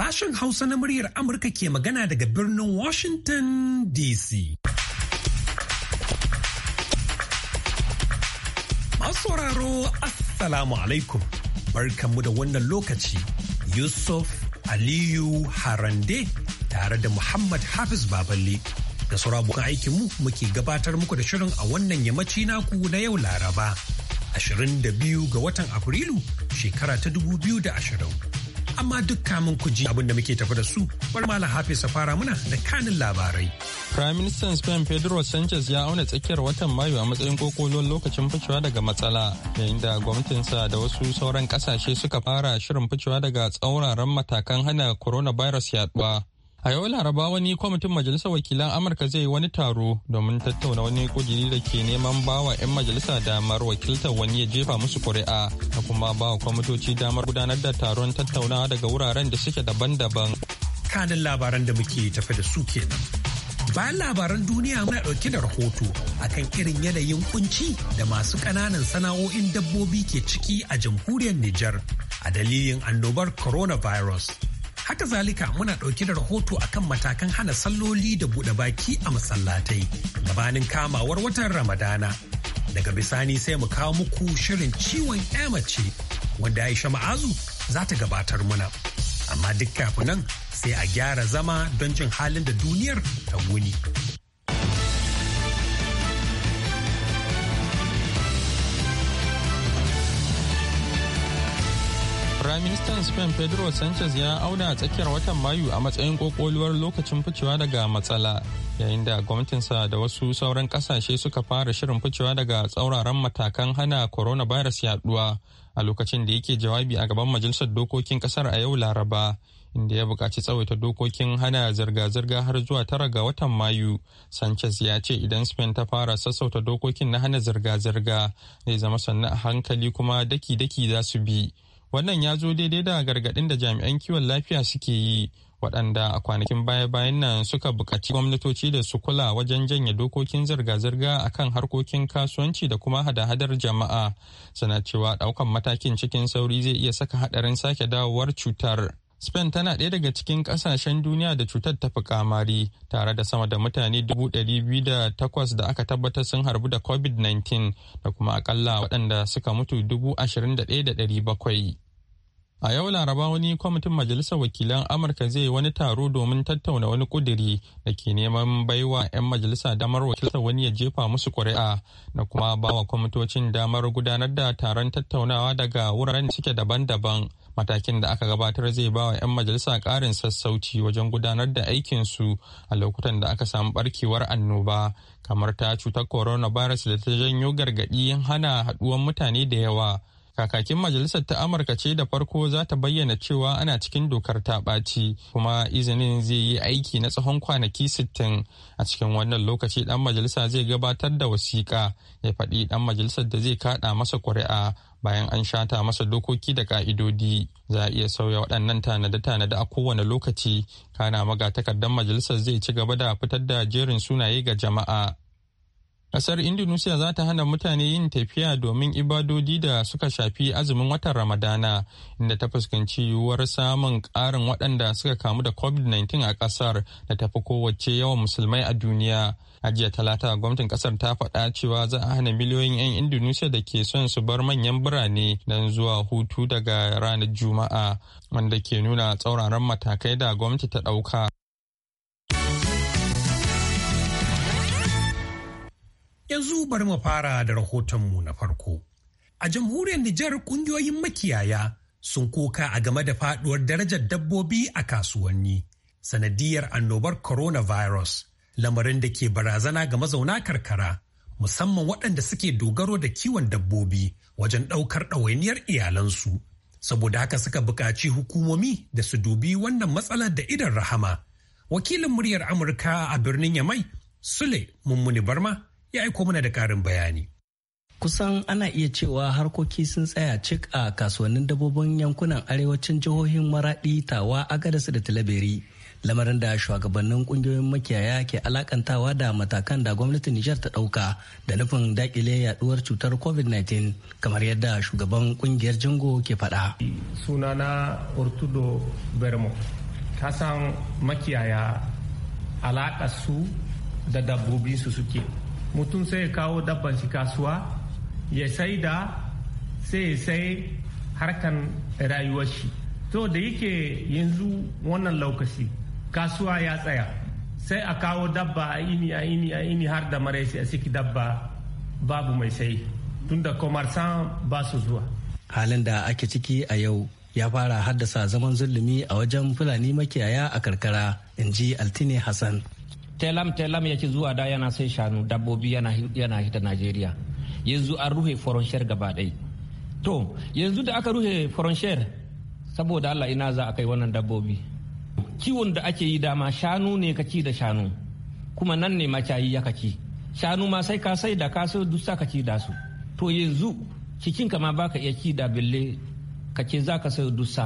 Sashen Hausa na muryar Amurka ke magana daga birnin Washington DC. sauraro Assalamu alaikum. Barkanmu da wannan lokaci. Yusuf Aliyu Harande tare da Muhammad Hafiz Baballe. Da sauran abokan aikinmu muke gabatar muku da shirin a wannan yammaci naku na yau Laraba. 22 ga watan Afrilu shekara ta 2020. amma duk kamun ku ji abinda muke tafi da su bar mala hafiz fara muna da kanin labarai. Prime Minister Spain Pedro Sanchez ya auna tsakiyar watan Mayu a matsayin kokolon lokacin ficewa daga matsala yayin da sa da wasu sauran kasashe suka fara shirin ficewa daga tsauraran matakan hana coronavirus yaduwa. A yau Laraba wani kwamitin Majalisar Wakilan Amurka zai wani taro domin tattauna wani kudiri da ke neman bawa 'yan majalisa damar wakiltar wani ya jefa musu kuri'a da kuma bawa kwamitoci damar gudanar da taron tattaunawa daga wuraren da suke daban-daban. Kanin labaran da muke tafi da su kenan. Bayan labaran duniya muna ɗauke da rahoto akan irin yanayin kunci da masu ƙananan sana'o'in dabbobi ke ciki a jamhuriyar Nijar a dalilin annobar coronavirus. Haka zalika muna ɗauke da rahoto akan matakan hana salloli da buɗe baki a masallatai gabanin kamawar watan Ramadana. Daga bisani sai mu kawo muku shirin ciwon mace wanda Aisha Ma'azu za ta gabatar muna. Amma duk kafin nan sai a gyara zama don jin halin da duniyar ta wuni. Firaministan Spain Pedro Sanchez ya auna a tsakiyar watan Mayu a matsayin kokoluwar lokacin ficewa daga matsala yayin da gwamnatinsa da wasu sauran kasashe suka fara shirin ficewa daga tsauraran matakan hana coronavirus yaduwa a lokacin da yake jawabi a gaban majalisar dokokin kasar a yau Laraba inda ya buƙaci tsawaita dokokin hana zirga-zirga har zuwa tara ga watan Mayu. Sanchez ya ce idan Spain ta fara sassauta dokokin na hana zirga-zirga zai zama sannan a hankali kuma daki-daki za su bi. wannan ya zo daidai da gargaɗin da jami'an kiwon lafiya suke yi waɗanda a kwanakin baya-bayan nan suka buƙaci gwamnatoci da su kula wajen janye dokokin zirga-zirga a kan harkokin kasuwanci da kuma hada-hadar jama'a suna cewa ɗaukan matakin cikin sauri zai iya saka haɗarin sake dawowar cutar Spain tana ɗaya daga cikin ƙasashen duniya da cutar ta fi kamari tare da sama da mutane 2,800 da aka tabbatar sun harbu da COVID-19 da kuma akalla waɗanda suka mutu 21,700. A yau Laraba wani kwamitin Majalisar Wakilan Amurka zai yi wani taro domin tattauna wani kuduri da ke neman baiwa 'yan majalisa damar wakiltar wani ya jefa musu kuri'a da kuma bawa kwamitocin damar gudanar da taron tattaunawa daga wuraren cike daban-daban. Matakin da aka gabatar zai ba wa 'yan majalisa ƙarin sassauci wajen gudanar da aikinsu a lokutan da aka samu barkewar annoba kamar ta cutar coronavirus da ta janyo gargaɗi hana haɗuwan mutane da yawa. kakakin majalisar ta amurka ce da farko za ta bayyana cewa ana cikin dokar ta ɓaci kuma izinin zai yi aiki na tsawon kwanaki 60 a cikin wannan lokaci dan majalisa zai gabatar da wasiƙa ya faɗi dan majalisar da zai kaɗa masa ƙuri'a bayan an shata masa dokoki da ƙa'idodi za a iya sauya waɗannan tanade-tanade a kowane lokaci kana magatakardan majalisar zai ci gaba da fitar da jerin sunaye ga jama'a kasar Indonesia za ta hana mutane yin tafiya domin ibadodi da suka shafi azumin watan Ramadana, inda ta fuskanci yiwuwar samun ƙarin waɗanda suka kamu da COVID-19 a ƙasar da tafi kowace yawan musulmai a duniya. A jiya talata gwamnatin ƙasar ta faɗa cewa za a hana miliyoyin 'yan Indonesia da ke son su bar manyan birane don zuwa hutu daga ranar Juma'a, wanda ke nuna tsauraran matakai da gwamnati ta ɗauka. Yanzu bari mu fara da rahotonmu na farko. A jamhuriyar Nijar kungiyoyin makiyaya sun koka a game da faduwar darajar dabbobi a kasuwanni sanadiyar annobar coronavirus lamarin da ke barazana ga mazauna karkara musamman waɗanda suke dogaro da kiwon dabbobi wajen ɗaukar ɗawainiyar iyalansu saboda haka suka buƙaci hukumomi da su dubi wannan matsalar da idan rahama wakilin muryar amurka a birnin yamai sule mummuni barma ya aiko mana da karin bayani. kusan ana iya cewa harkoki sun tsaya cik a kasuwannin dabbobin yankunan arewacin jihohin maradi tawa agadas da talabiri lamarin da shugabannin kungiyoyin makiyaya ke alakantawa da matakan da gwamnatin nijar ta ɗauka da nufin dakile yaduwar cutar covid-19 kamar yadda shugaban kungiyar jingo ke faɗa. sunana ortudo bermo kasan makiyaya alaƙa su da dabbobi su suke mutum sai ya kawo dabban shi kasuwa ya sai da sai ya sai harkan rayuwar shi to da yake yanzu wannan lokaci kasuwa ya tsaya sai a kawo dabba a ini a ini a ini har da mara a ciki dabba babu mai sai tunda komarsan ba su zuwa halin da ake ciki a yau ya fara haddasa zaman zulumi a wajen fulani makiyaya a karkara in ji altine hassan telam telam ya ci zuwa da yana sai shanu dabbobi yana yana hita Najeriya yanzu an ruhe foronshiyar gaba ɗai to yanzu da aka ruhe foronshiyar saboda Allah ina za a kai wannan dabbobi kiwon da ake yi dama shanu ne ka ci da shanu kuma nan ne macayi ya ka ci shanu ma sai ka sai da ka sai duk ka ci da su to yanzu cikin ka ma baka iya ci da bille ka ce za ka sai sa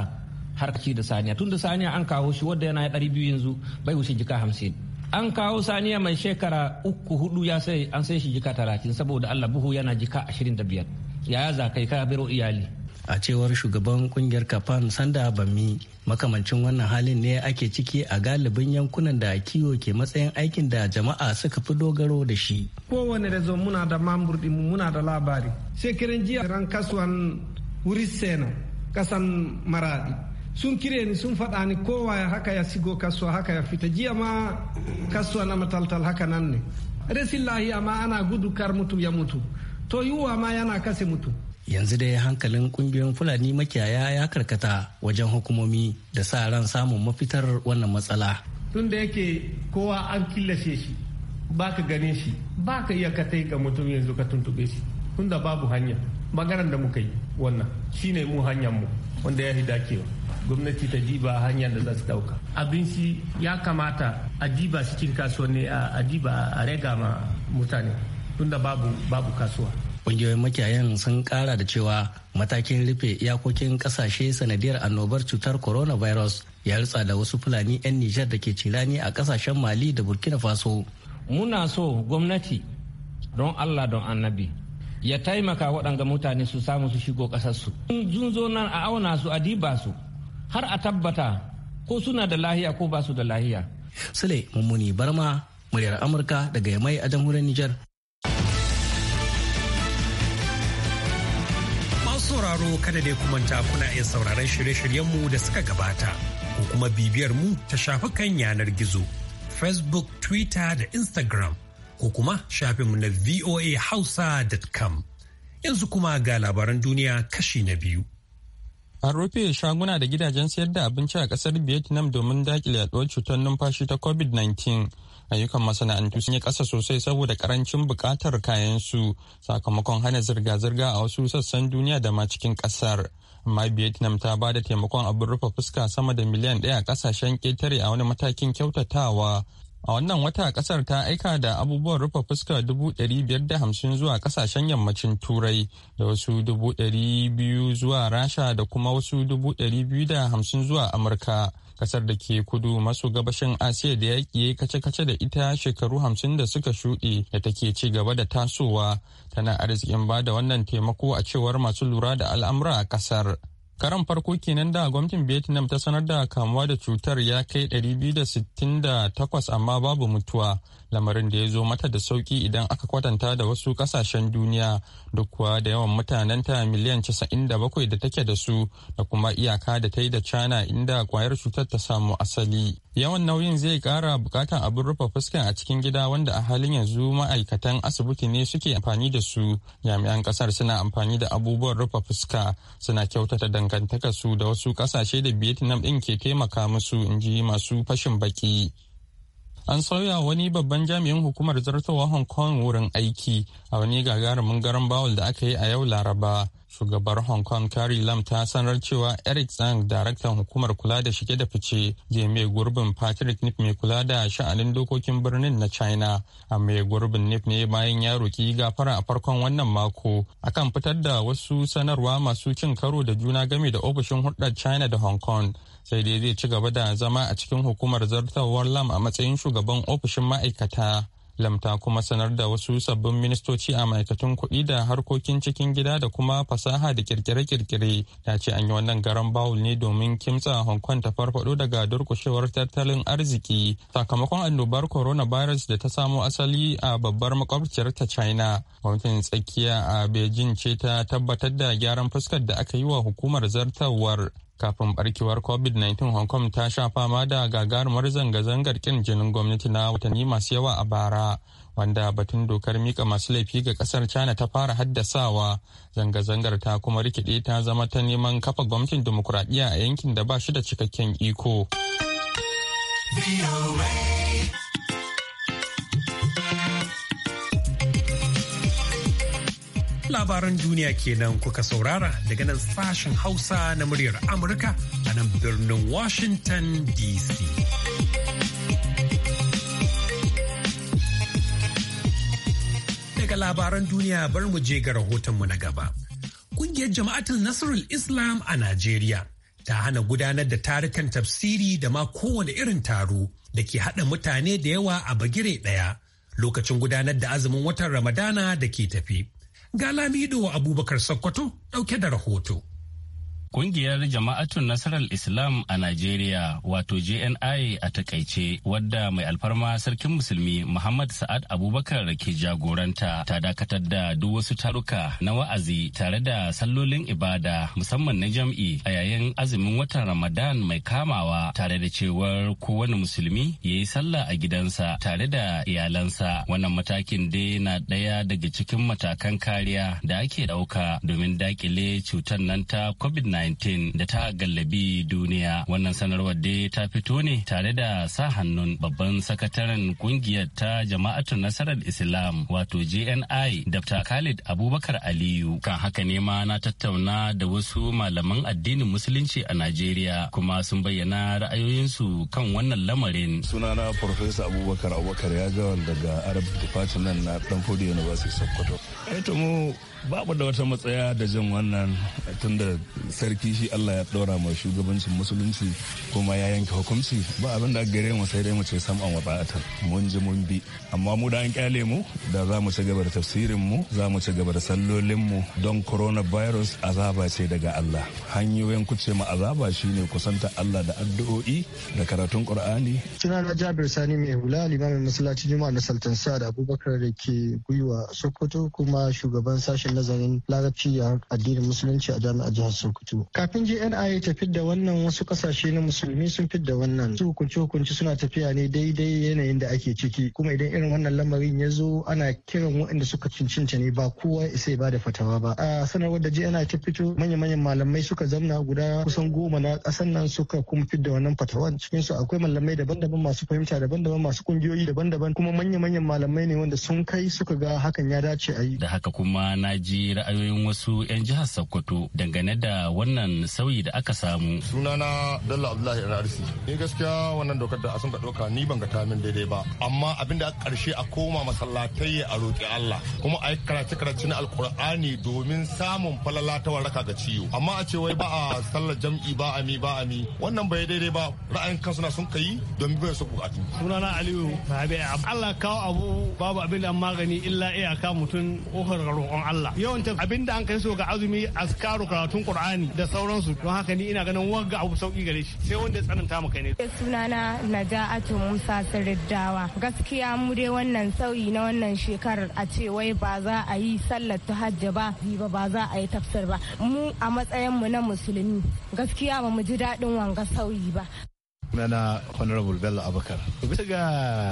har ka ci da saniya tunda saniya an kawo shi wanda yana ɗari biyu yanzu bai wuce jika hamsin an kawo saniya mai shekara uku hudu ya sai an sai shi jika talatin saboda allah buhu yana jika ashirin da biyar yaya za kai ka biro iyali a cewar shugaban kungiyar kafan sanda bami makamancin wannan halin ne ake ciki a galibin yankunan da kiwo ke matsayin aikin da jama'a suka fi dogaro da shi kowane da zo muna da mamburdi muna da labari shekarun jiya ran kasuwan wuri sena kasan maradi sun kire ni sun faɗa ni kowa ya haka ya sigo kasuwa haka ya fita jiya ma kasuwa na mataltal haka nan ne resin lahiya ma ana gudu kar mutu ya mutu to yiwuwa ma yana kase mutu yanzu dai hankalin kungiyoyin fulani makiyaya ya karkata wajen hukumomi da sa ran samun mafitar wannan matsala tun da yake kowa an killace shi ba ka gane shi ba ka iya katai ga mutum yanzu ka tuntube shi tun da babu hanya maganar da muka yi wannan shine mu hanyar mu wanda ya dakewa. gwamnati ta diba hanyar da za su dauka abinci ya kamata a diba cikin kasuwanni a diba a rega ma mutane tunda babu babu kasuwa ƙungiyoyin makiyayan sun ƙara da cewa matakin rufe iyakokin ƙasashe sanadiyar annobar cutar coronavirus ya rutsa da wasu fulani 'yan nijar da ke cirani a kasashen mali da burkina faso muna so gwamnati don allah don annabi ya taimaka waɗanga mutane su samu su shigo ƙasarsu sun zo nan a auna su a diba su har a tabbata ko suna da lahiya ko ba su da lahiya. Sule Mummuni Barma, muryar Amurka daga Yamai a jamhuriyar Nijar. Masu sauraro kada dai kumanta kuna iya sauraron shirye-shiryenmu da suka gabata ko kuma bibiyar mu ta shafukan yanar gizo. Facebook, Twitter da Instagram ko kuma shafinmu na voahausa.com. Yanzu kuma ga labaran duniya kashi na biyu. an rufe shaguna da gidajen sayar da abinci a kasar vietnam domin dakile yaduwar cutar numfashi ta covid-19 ayyukan masana'antu sun yi kasa sosai saboda karancin buƙatar su sakamakon hana zirga-zirga a wasu sassan duniya da ma cikin ƙasar amma vietnam ta ba da taimakon abin rufe fuska sama da miliyan ɗaya a ƙasashen ƙetare a wani matakin kyautatawa A wannan wata kasar ta aika da abubuwan rufe fuska 550 zuwa kasashen yammacin Turai da wasu 200 zuwa Rasha da kuma wasu 250 zuwa Amurka. Kasar da ke kudu maso gabashin Asiya da yaƙi kace-kace da ita shekaru 50 da suka shuɗe da take ci gaba da tasowa tana arzikin ba da wannan taimako a cewar masu lura da al'amura a kasar. karan farko kenan da gwamnatin vietnam ta sanar da kamuwa da cutar ya kai 268 amma babu mutuwa lamarin da ya zo mata da sauki idan aka kwatanta da wasu kasashen duniya duk kuwa da yawan mutanen ta miliyan 97 da take da su da kuma iyaka da ta yi da china inda kwayar cutar ta samu asali yawan nauyin zai kara bukatan abin rufe fuskan a cikin gida wanda a halin yanzu ma'aikatan asibiti ne suke amfani da su jami'an kasar suna amfani da abubuwan rufe fuska suna kyautata dangantaka su da wasu kasashe da vietnam din ke taimaka musu in ji masu fashin baki an sauya wani babban jami'in hukumar zartowa hong kong wurin aiki a wani gagarumin garan bawul da aka yi a yau laraba shugabar hong kong carrie lam ta sanar cewa eric zhang daraktan hukumar kula da shige da fice zai mai gurbin patrick nip mai kula da sha'anin dokokin birnin na china a mai gurbin nip ne bayan ya roki gafara a farkon wannan mako akan fitar da wasu sanarwa masu cin karo da juna game da ofishin hulɗar china da hong kong sai dai zai ci gaba da zama a cikin hukumar zartawar lam a matsayin shugaban ofishin ma'aikata lamta kuma sanar da wasu sabbin ministoci a ma'aikatun kuɗi da harkokin cikin gida da kuma fasaha da kirkire-kirkire ta ce an yi wannan garan bawul ne domin kimtsa hong kong ta farfado daga durkushewar tattalin arziki sakamakon annobar coronavirus da ta samo asali a babbar makwabciyar ta china gwamnatin tsakiya a beijing ce ta tabbatar da gyaran fuskar da aka yi wa hukumar zartawar. kafin barkewar covid-19 hong kong ta sha fama da gagarumar zanga-zangar kin jinin gwamnati na watanni masu yawa a bara wanda batun dokar mika masu laifi ga kasar china ta fara haddasawa zanga-zangar ta kuma rikide ta zama ta neman kafa gwamnatin demokuraɗiyya a yankin da ba shi da cikakken iko. Labaran duniya kenan kuka saurara daga nan sashen Hausa na muryar Amurka a nan birnin Washington DC. Daga labaran duniya bar mu je ga rahotonmu na gaba. Kungiyar jama'atul Nasrul Islam a Najeriya ta hana gudanar da tarukan tafsiri da ma kowane irin taro da ke haɗa mutane da yawa a bagire ɗaya lokacin gudanar da azumin watan Ramadana da ke tafi. Ga Lamido Abubakar Sokoto ɗauke da rahoto. Kungiyar Jama'atun Nasarar Islam a Najeriya wato JNI a takaice wadda mai alfarma sarkin musulmi Muhammad Sa'ad Abubakar ke jagoranta ta dakatar da duk wasu taruka na wa'azi tare da sallolin ibada musamman na jam'i a yayin azumin watan Ramadan mai kamawa tare da cewar kowane musulmi ya yi sallah a gidansa tare da iyalansa wannan matakin dai na ɗaya daga cikin matakan kariya da ake ɗauka domin dakile cutar nan ta COVID-19. 19 da ta gallabi duniya wannan sanarwar dai ta fito ne tare da sa hannun babban sakataren kungiyar ta jama'atun nasarar islam wato jni dr khalid abubakar aliyu kan haka ne ma na tattauna da wasu malaman addinin musulunci a najeriya kuma sun bayyana ra'ayoyinsu kan wannan lamarin sunana professor abubakar abubakar ya gawan daga arab department na stanford university sokoto eh mu babu da wata matsaya da jin wannan tunda sarki shi Allah ya ɗora ma shugabancin musulunci kuma ya yanke hukunci ba abin da gare mu sai dai mu ce sam an wata'ata mun ji mun bi amma mu da an kyale mu da za mu ci gaba da tafsirin mu za mu ci gaba da sallolin mu don coronavirus azaba ce daga Allah hanyoyin kuce ma azaba shine kusanta Allah da addu'o'i da karatun Qur'ani sunana Jabir Sani mai hula limamin masallacin Juma'a na Sultan da Abubakar da ke gwiwa Sokoto kuma shugaban sashen nazarin larabci a addinin musulunci a jami'ar jihar Sokoto su kafin ya tafi da wannan wasu kasashe na musulmi sun fi da wannan su hukunci hukunci suna tafiya ne daidai yanayin da ake ciki kuma idan irin wannan lamarin ya zo ana kiran waɗanda suka cincinta ne ba kowa isa ba da fatawa ba a sanarwar da jni ta fito manya-manyan malamai suka zamna guda kusan goma na ƙasar nan suka kuma fi da wannan fatawan cikin su akwai malamai daban-daban masu fahimta daban-daban masu kungiyoyi daban-daban kuma manya-manyan malamai ne wanda sun kai suka ga hakan ya dace a yi da haka kuma na ji ra'ayoyin wasu 'yan jihar sokoto dangane da wannan sauyi da aka samu. Sunana Dalla Abdullahi Arisi. Ni gaskiya wannan dokar da Asun ka doka ni ban ga ta min daidai ba. Amma abin da karshe a koma masallatai a roƙi Allah. Kuma a yi karace karace na Alƙur'ani domin samun falala ta waraka ga ciwo. Amma a ce wai ba a sallar jam'i ba a mi ba a mi. Wannan bai daidai ba. Ra'ayin kansu na sun kai don bai su buƙatu. Sunana Aliyu Sahabi Allah kawo abu babu abin da magani illa iyaka mutum ƙofar roƙon Allah. Yawan abin da an kai so ga azumi askaru karatun Qur'ani da sauransu don haka ni ina ganin wanga abu sauki gare shi sai wanda ya tsananta maka ne eh, sunana naja'atu musa sirriddawa gaskiya mu dai wannan sauyi na wannan shekarar a ce wai ba za a yi sallar hajji ba ba ba za a yi tafsir ba mu a matsayin mu na musulmi gaskiya ba mu ji daɗin wanga sauyi ba sunana honorable bello abakar bisa ga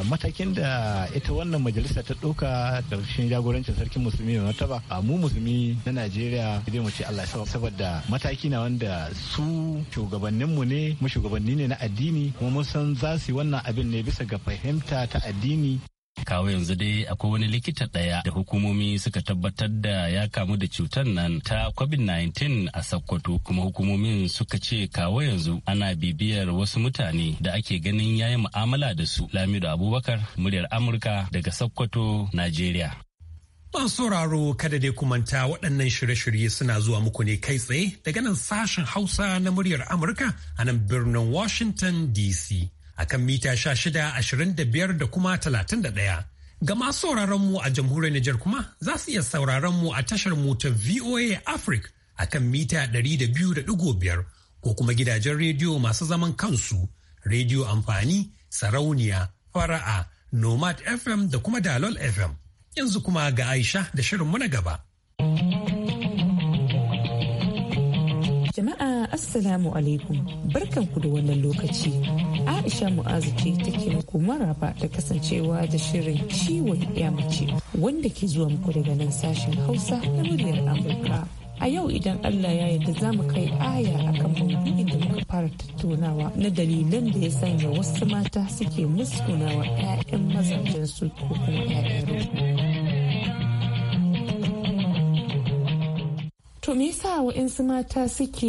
matakin da ita wannan majalisa ta ɗauka ƙarshen jagorancin sarkin musulmi mai martaba a mu musulmi na najeriya zai mu ce allah sawa saboda mataki na wanda su shugabanninmu ne mu shugabanni ne na addini kuma mun san za su yi wannan abin ne bisa ga fahimta ta addini kawo yanzu dai akwai wani likita ɗaya da hukumomi suka tabbatar da ya kamu da cutar nan ta covid-19 a sakkwato kuma hukumomin suka ce kawo yanzu ana bibiyar wasu mutane da ake ganin yayi mu'amala da su lamido abubakar muryar amurka daga sakkwato nigeria Masu sauraro kada dai kumanta waɗannan shirye-shirye suna zuwa muku ne kai tsaye daga nan sashen Hausa na muryar Amurka a nan birnin Washington DC. akan mita 1625 da kuma 31. Ga masu sauraron mu a jamhuriyar Nijar kuma za su iya sauraron mu a tashar mu ta VOA Africa a kan mita 200.5 ko kuma gidajen rediyo masu zaman kansu, rediyo amfani, sarauniya, fara'a, nomad FM da kuma dalol FM. Yanzu kuma ga Aisha da shirin mu na gaba. Jama'a Assalamu alaikum barkanku da wannan lokaci. Aisha Mu'azu ce take muku maraba da kasancewa da shirin ciwon ya mace wanda ke zuwa muku daga nan sashen Hausa na muryar Amurka. A yau idan Allah ya yarda za mu kai aya akan maudu'in da muka fara tattaunawa na dalilan da ya sanya wasu mata suke muskunawa 'ya'yan mazajen su ko kuma 'ya'yan To me yasa wa'yansu mata suke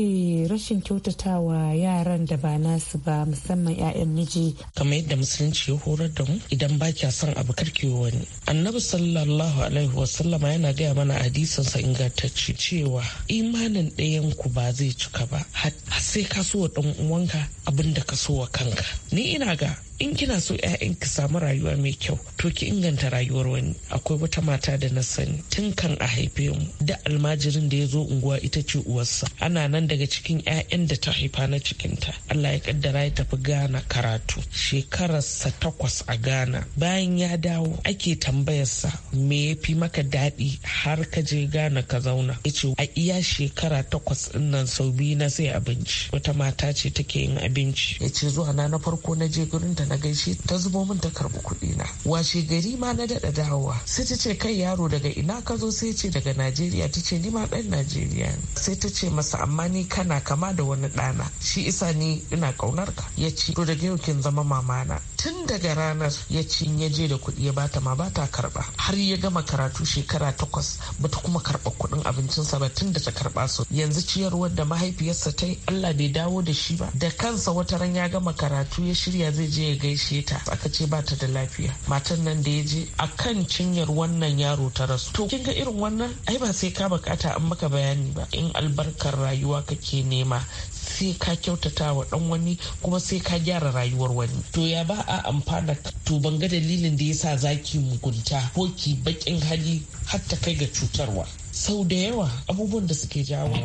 rashin kyautatawa yaran da ba nasu ba musamman 'ya'yan miji? Kamar yadda musulunci ya horar da mu idan ba kya son abu karki wani. Annabi sallallahu alaihi wa sallama yana gaya mana sa ingantacce cewa imanin ɗayan ku ba zai cika ba har sai ka so wa ɗan uwanka abin da ka so wa kanka. Ni ina ga in kina so ƴaƴan ki samu rayuwa mai kyau to ki inganta rayuwar wani akwai wata mata da na sani tun kan a haife mu da almajirin da ya zo unguwa ita ce uwarsa ana nan daga cikin 'ya'yan da ta haifa na cikinta Allah ya kaddara ya tafi gana karatu shekararsa takwas a gana bayan ya dawo ake tambayarsa me ya fi maka daɗi har ka je Ghana ka zauna ya ce a iya shekara takwas in nan sau biyu na sai abinci wata mata ce take yin abinci ya ce zuwa na na farko na je gurin ta na gaishe ta zubo min ta karbi kuɗi na washe gari ma na daɗa dawowa sai ta ce kai yaro daga ina ka zo sai ce daga najeriya ta ce ni ma ɗan najeriya ne? sai ta ce masa amma ni kana kama da wani ɗana shi isa ni ina ƙaunar ka ya ce to daga yau kin zama mamana tun daga ranar ya ce ya je da kuɗi ya bata ma bata karɓa har ya gama karatu shekara takwas bata kuma karɓa kuɗin abincinsa ba tun da ta karɓa su yanzu ciyarwar da mahaifiyarsa ta yi Allah bai dawo da shi ba da kansa wata ran ya gama karatu ya shirya zai je ya gaishe ta aka ce ba ta da lafiya matan nan da ya je a kan cinyar wannan yaro ta rasu to kin ga irin wannan ai ba sai ka bukata an maka bayani ba in albarkar rayuwa kake nema sai ka kyautata wa dan wani kuma sai ka gyara rayuwar wani to ya ba a amfana to ban ga dalilin da yasa zaki mugunta ko ki bakin hali har ta kai ga cutarwa sau da yawa abubuwan da suke jawo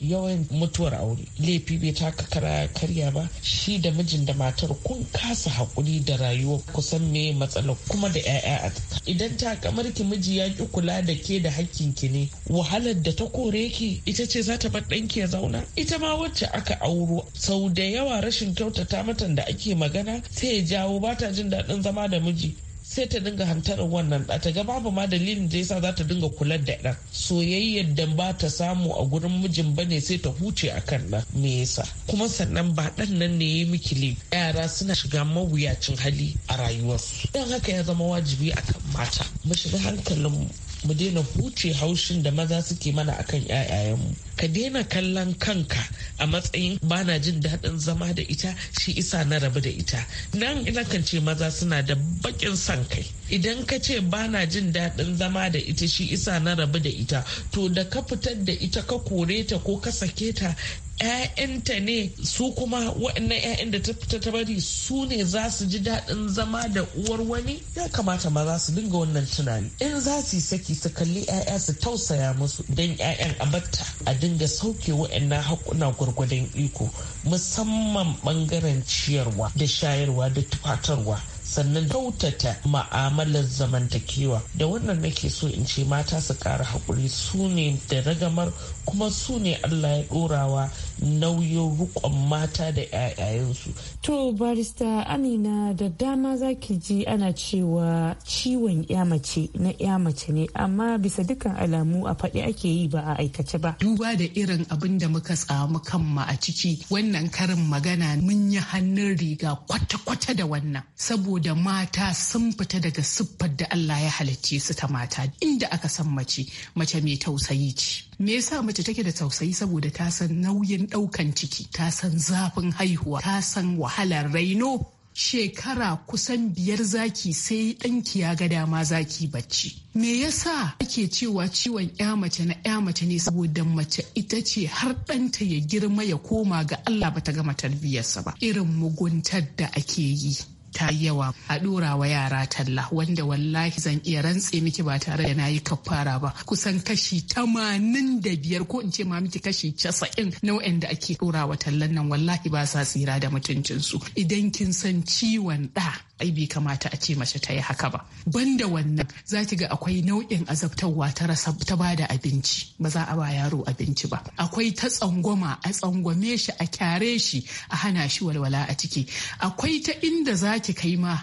yawan mutuwar aure laifi bai taka kara karya ba shi da mijin da matar kun kasa haƙuri da rayuwa kusan me matsala kuma da 'ya'ya a idan ta kamar ki miji ya ki kula da ke da hakkin ki ne wahalar da ta kore ki ita ce za ta bar ɗanki ya zauna ita ma wacce aka auro sau da yawa rashin kyautata matan da ake magana sai ya jawo ba ta jin daɗin zama da miji sai ta dinga hantarar wannan a ta ga babu ma dalilin da yasa za ta dinga kula da ɗan soyayyar da ba ta samu a gurin mijin ba ne sai ta huce a kan ɗan me yasa kuma sannan ba ɗan nan ne ya miki le yara suna shiga mawuyacin hali a rayuwarsu don haka ya zama wajibi a kan mata mu shiga hankalin mu daina huce haushin da maza suke mana akan 'ya'yayenmu ka daina kallon kanka a matsayin bana jin daɗin zama da ita shi isa na rabu da ita nan ina kan ce maza suna da baƙin son kai idan ka ce bana jin daɗin zama da ita shi isa na rabu da ita to da ka fitar da ita ka kore ta ko ka sake ta ƴaƴanta ne su kuma waɗannan ƴaƴan da ta fita ta bari su ne za su ji daɗin zama da uwar wani ya kamata ma za su dinga wannan tunani in za su yi saki su kalli ƴaƴa su tausaya musu don ƴaƴan a batta a dinga sauke waɗannan hakuna gwargwadon iko musamman ɓangaren ciyarwa da shayarwa da tufatarwa sannan kyautata ma'amalar zamantakewa da wannan nake so in ce mata su ƙara haƙuri su ne da ragamar kuma su ne allah ya ɗorawa nauyin rukon mata da 'ya'yayensu. To barista Amina da dama zaki ji ana cewa ciwon ya mace na ya mace ne amma bisa dukkan alamu a faɗi ake yi ba a aikace ba. Duba da irin abin da muka samu ma a ciki wannan karin magana mun yi hannun riga kwata-kwata da wannan saboda mata sun fita daga siffar da Allah ya halicce su ta mata inda aka san mace mace mai tausayi ce. Me yasa mace take da tausayi saboda ta san nauyin ɗaukan ciki ta san zafin haihuwa ta san wahalar raino shekara kusan biyar zaki sai ɗanki ya ga dama zaki bacci. Me yasa ake cewa ciwon ya mace na ya mace ne saboda mace ita ce har ɗanta ya girma ya koma ga Allah bata gama tarbiyyarsa ba irin muguntar da ake yi. ta yi yawa a dora wa yara talla wanda wallahi zan iya rantse miki ba tare da na nayi kafara ba kusan kashi tamanin da biyar ko in ce ma miki kashi casa'in na da ake dora wa tallan nan wallahi ba sa tsira da mutuncinsu idan kin san ciwon ɗa. ai bai kamata a ce mace ta yi haka ba banda wannan za ki ga akwai nau'in azabtarwa ta rasa ta da abinci ba za a ba yaro abinci ba akwai ta tsangwama a tsangwame shi a kyare shi a hana shi walwala a ciki akwai ta inda za ki kai ma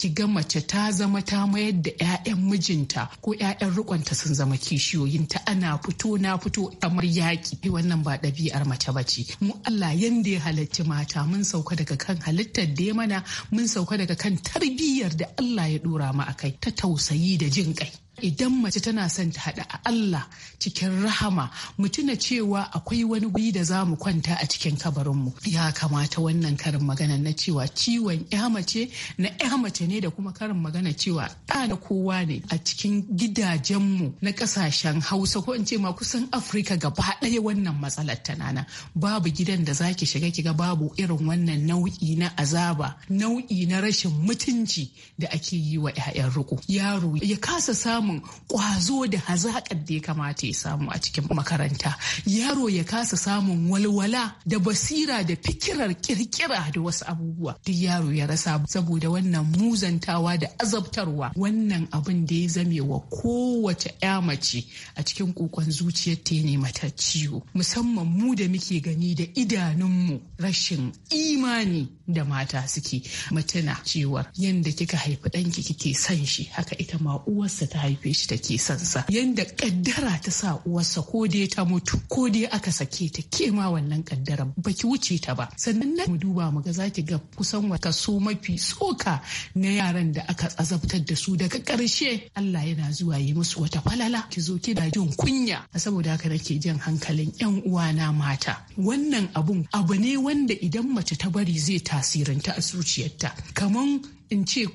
ki ga mace ta zama ta mayar da 'ya'yan mijinta ko 'ya'yan rikonta sun zama kishiyoyinta ana fito na fito kamar yaƙi eh, wannan ba ɗabi'ar mace ba ce mu Allah yanda ya halarci mata mun sauka daga kan halittar da ya mana mun sauka daga kan tarbiyyar da Allah ya dora mu akai ta tausayi da jin kai idan mace tana son ta haɗa Allah cikin rahama mu cewa akwai wani guri da za mu kwanta a cikin kabarinmu ya kamata wannan karin magana na cewa ciwon ya mace na ya mace ne da kuma karin magana cewa ɗa na kowa ne a cikin gidajenmu na ƙasashen hausa ko in ce ma kusan afirka gaba ɗaya wannan matsalar tana babu gidan da za ki shiga ki ga babu irin wannan nau'i na azaba nau'i na rashin mutunci da ake yi wa 'ya'yan riko yaro ya kasa samun samun kwazo da hazaƙar da ya kamata ya samu a cikin makaranta yaro ya kasa samun walwala da basira da fikirar kirkira da wasu abubuwa duk yaro ya rasa saboda wannan muzantawa da azabtarwa wannan abin da ya zame wa kowace ya mace a cikin kokon zuciyar ta ne mata ciwo musamman mu da muke gani da idanunmu rashin imani da mata suke mutuna cewar yadda kika haifi ɗanki kike son shi haka ita ma uwarsa ta haife shi take son sa yanda kaddara ta sa uwarsa ko dai ta mutu ko dai aka sake ta ke ma wannan kaddara baki wuce ta ba sannan na mu duba mu ga zaki ga kusan kaso mafi tsoka na yaran da aka azabtar da su daga karshe Allah yana zuwa yi musu wata falala ki zo da jin kunya saboda haka nake jin hankalin yan uwana mata wannan abun abu ne wanda idan mace ta bari zai tasirinta a zuciyarta kaman in ce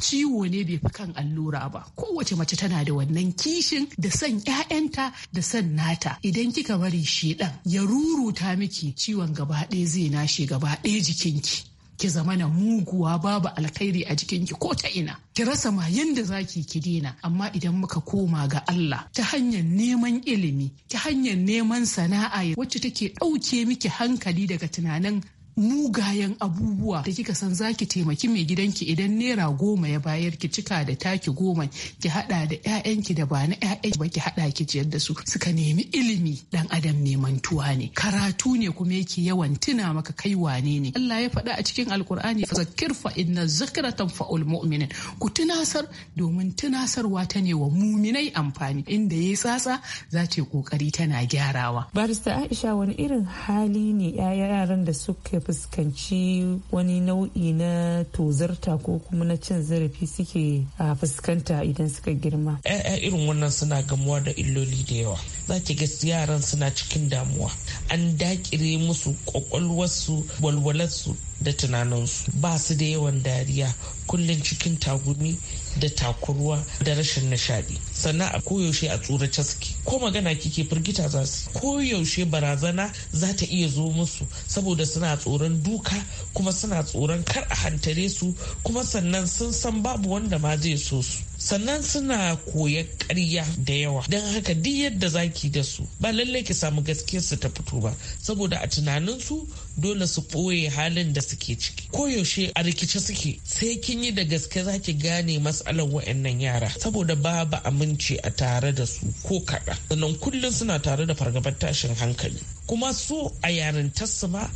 ciwo ne bai fi kan allura ba kowace mace tana da wannan kishin da son 'ya'yanta da son nata idan kika bari shi ɗan. ya ruruta miki ciwon gaba ɗaya zai nashe gaba ɗaya jikinki ki zama na muguwa babu alkhairi a jikinki ko ta ina ki rasa ma yanda zaki ki dina amma idan muka koma ga Allah ta hanyar neman ilimi ta hanyar neman sana'a wacce take ɗauke miki hankali daga tunanin mugayen abubuwa da kika san zaki taimaki mai gidanki idan naira goma ya bayar ki cika da taki goma ki hada da ƴaƴanki da ba na ƴaƴan ba ki hada ki jiyar da su suka nemi ilimi dan adam mai mantuwa ne karatu ne kuma yake yawan tuna maka kai wane ne Allah ya faɗa a cikin alkur'ani fazakir fa inna zikra tanfa'ul mu'minin ku tunasar domin tunasarwa ta ne wa muminai amfani inda ya tsatsa za ta kokari tana gyarawa barista Aisha wani irin hali ne yaran da suke fuskanci wani nau'i na tozarta ko kuma na cin zarafi suke fuskanta idan suka girma. 'ya'ya irin wannan suna gamuwa da illoli da yawa za ki ga yaran suna cikin damuwa an dakire musu kwakwalwarsu walwalarsu da tunaninsu ba su da yawan dariya kullum cikin tagumi da takurwa da rashin nishadi sannan a koyaushe a tsorace suke ko magana kike firgita za su koyaushe barazana za ta iya zo musu saboda suna tsoron duka kuma suna tsoron kar a hantare su kuma sannan sun san babu wanda ma zai so su sannan suna koya karya da yawa don haka duk yadda zaki da su ba lallai ki samu gaskiyar su ta fito ba saboda a tunanin su dole su ɓoye halin da suke ciki koyaushe a rikice suke sai kin yi da gaske zaki gane matsalar wa'annan yara saboda babu aminci a tare da su ko kaɗan sannan kullum suna tare da fargabar tashin hankali kuma su a yarintarsu ma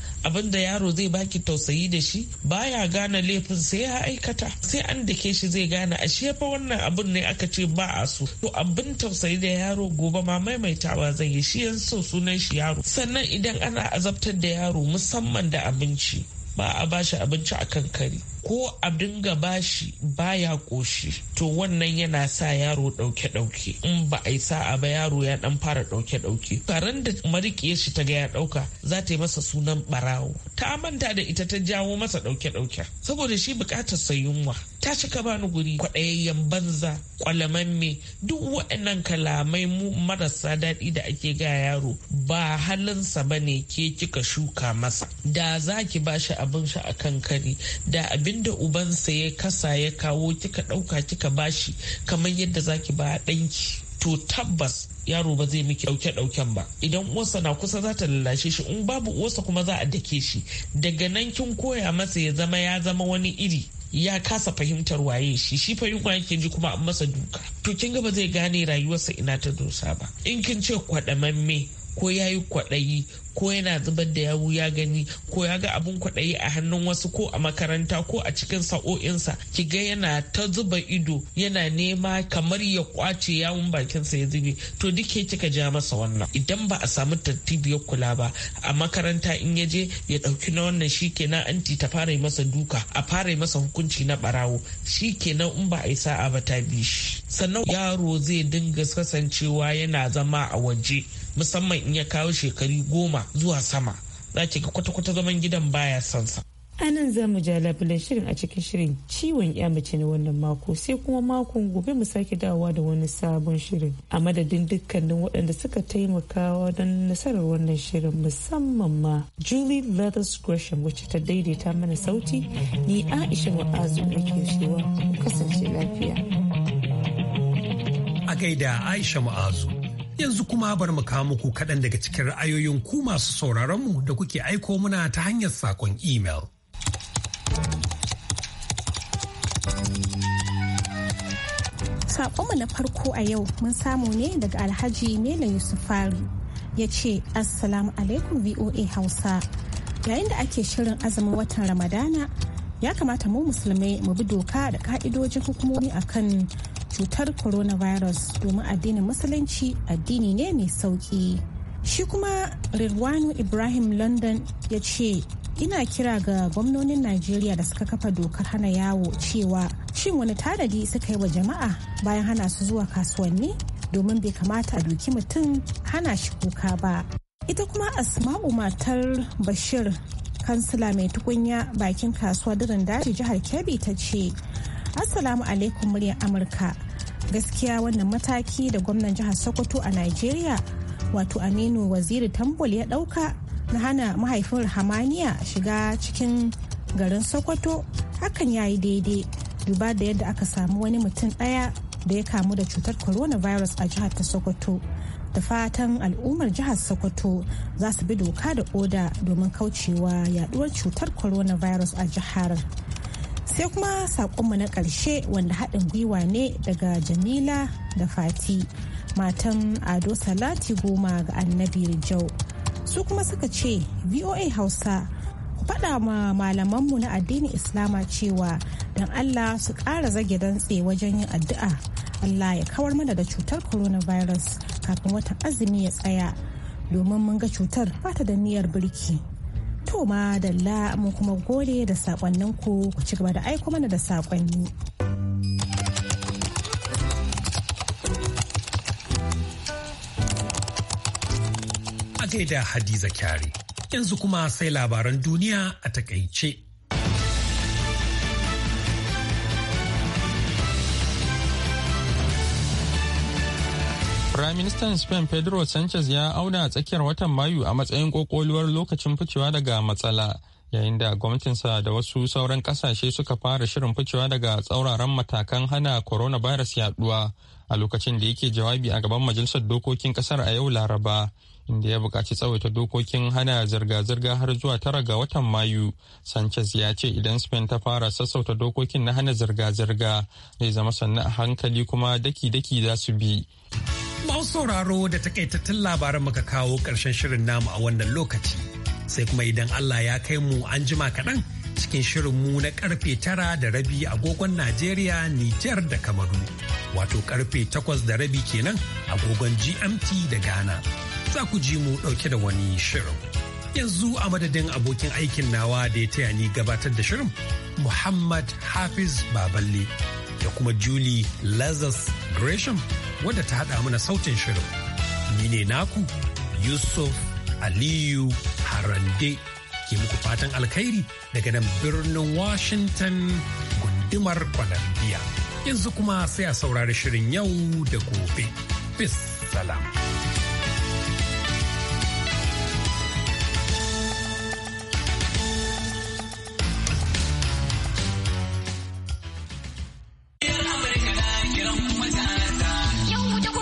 da yaro zai baki tausayi da shi baya gane laifin sai ya aikata sai an dake shi zai gane a shefa wannan abin ne aka ce ba a so to abin tausayi da yaro gobe ma maimaitawa zai yi shi yan so sunan shi yaro sannan idan ana azabtar da yaro musamman da abinci ba a bashi abinci a kan kari ko a dinga bashi baya ƙoshi. to wannan yana sa yaro ɗauke-ɗauke. in ba a yi sa'a ba yaro ya ɗan fara ɗauke-ɗauke. karen da marikiyar shi ta ga ya dauka za ta yi masa sunan ɓarawo. ta manta da ita ta jawo masa ɗauke-ɗauke. saboda shi bukatar sa yunwa ta cika bani guri kwaɗayayyen banza kwalamamme duk waɗannan kalamai mu marasa daɗi da ake ga yaro ba halinsa ba ne ke kika shuka masa da za ki bashi abin shi kan kari da abin da ubansa ya kasa ya kawo kika ɗauka kika bashi kamar yadda zaki ba ɗanki to tabbas yaro ba zai miki dauke dauken ba idan uwarsa na kusa za ta lalace shi in babu uwarsa kuma za a dake shi daga nan kin koya masa ya zama ya zama wani iri ya kasa fahimtar waye shi shi fa yunwa yake ji kuma an masa duka to kin ga ba zai gane rayuwarsa ina ta dosa ba in kin ce kwadamamme ko ya yi kwaɗayi ko yana zubar da yawu ya gani ko ya ga abin kwaɗayi a hannun wasu ko a makaranta ko a cikin sa'o'insa ki ga yana ta zuba ido yana nema kamar ya kwace yawun bakinsa ya zube to duke kika ja masa wannan idan ba a samu ya kula ba a makaranta in ya je ya ɗauki na wannan shi kenan anti ta fara masa duka a fara masa hukunci na barawo shi kenan in ba a yi sa'a ba ta bi shi sannan yaro zai dinga kasancewa yana zama a waje musamman in ya kawo shekaru goma zuwa sama za ki ga kwata-kwata zaman gidan baya son sa. A nan za mu ja labulen shirin a cikin shirin ciwon ya mace na wannan mako sai kuma makon gobe mu sake dawowa da wani sabon shirin a madadin dukkanin waɗanda suka taimakawa don nasarar wannan shirin musamman ma Julie Leathers Gresham wacce ta daidaita mana sauti ni Aisha Ma'azu nake cewa kasance lafiya. A gaida Aisha Ma'azu. Yanzu kuma bar mu kawo muku kaɗan daga cikin ra'ayoyin ku masu sauraron mu da kuke aiko muna ta hanyar saƙon email. Saƙonmu na farko a yau mun samu ne daga Alhaji Mela Yusufari ya ce Assalamu alaikum VOA Hausa. Yayin da ake shirin azumin watan Ramadana ya kamata mu musulmai mu bi doka da ka'idojin hukumomi akan cutar coronavirus domin addinin musulunci addini ne mai sauki shi kuma rirwanu ibrahim london ya ce ina kira ga gwamnonin najeriya da suka kafa dokar hana yawo cewa shin wani tanadi suka yi wa jama'a bayan hana su zuwa kasuwanni domin bai kamata a doki mutum hana shi kuka ba ita kuma asma'u matar bashir kansila mai tukunya bakin kasuwa durin daji jihar kebbi ta ce Assalamu alaikum muryar Amurka. Gaskiya wannan mataki da gwamnan jihar Sokoto a Najeriya wato Aminu Waziri Tambol ya ɗauka na hana mahaifin Hamaniya shiga cikin garin Sokoto hakan ya yi daidai duba da yadda aka samu wani mutum ɗaya da ya kamu da cutar coronavirus a jihar ta Sokoto. da fatan al'ummar jihar sokoto za su bi doka da oda domin kaucewa yaduwar cutar coronavirus a jihar sai kuma saƙonmu na ƙarshe wanda haɗin gwiwa ne daga jamila da fati matan ado salati goma ga annabi rijau su kuma suka ce voa hausa ku faɗa ma malamanmu na addinin islama cewa don allah su ƙara zage dantse wajen yin addu'a allah ya kawar mana da cutar coronavirus kafin watan azumi ya tsaya domin mun ga cutar ba da niyyar birki To ma la mun kuma gode da sakonninku ku ci gaba da aiko mana da sakonni. A gaida Hadiza kyare, yanzu kuma sai labaran duniya a takaice. Firaministan Spain Pedro Sanchez ya auna a tsakiyar watan Mayu a matsayin kokoluwar lokacin ficewa daga matsala yayin da gwamnatinsa da wasu sauran kasashe suka fara shirin ficewa daga tsauraran matakan hana coronavirus yaduwa a lokacin da yake jawabi a gaban majalisar dokokin kasar a yau laraba inda ya buƙaci tsawaita dokokin hana zirga-zirga har zuwa tara ga watan mayu sanchez ya ce idan spain ta fara sassauta dokokin na hana zirga-zirga zai zama sannan a hankali kuma daki-daki za su bi Masu sauraro da takaitattun labaran muka kawo ƙarshen shirin namu a wannan lokaci. Sai kuma idan Allah ya kai mu an jima kaɗan cikin shirin mu na karfe tara da rabi agogon Najeriya, Nijar da Kamaru. Wato karfe takwas da rabi kenan agogon GMT da Ghana. Za ku ji mu ɗauke da wani shirin. Yanzu a madadin abokin aikin nawa da ya taya ni gabatar da shirin Muhammad Hafiz Baballe da kuma Julie Lazarus Gresham. wanda ta haɗa mana sautin shirin. Ni ne naku Yusuf Aliyu Harande ke muku fatan alkhairi daga nan birnin Washington gundumar Columbia. Yanzu kuma sai a saurari shirin yau da gobe. Peace, salam.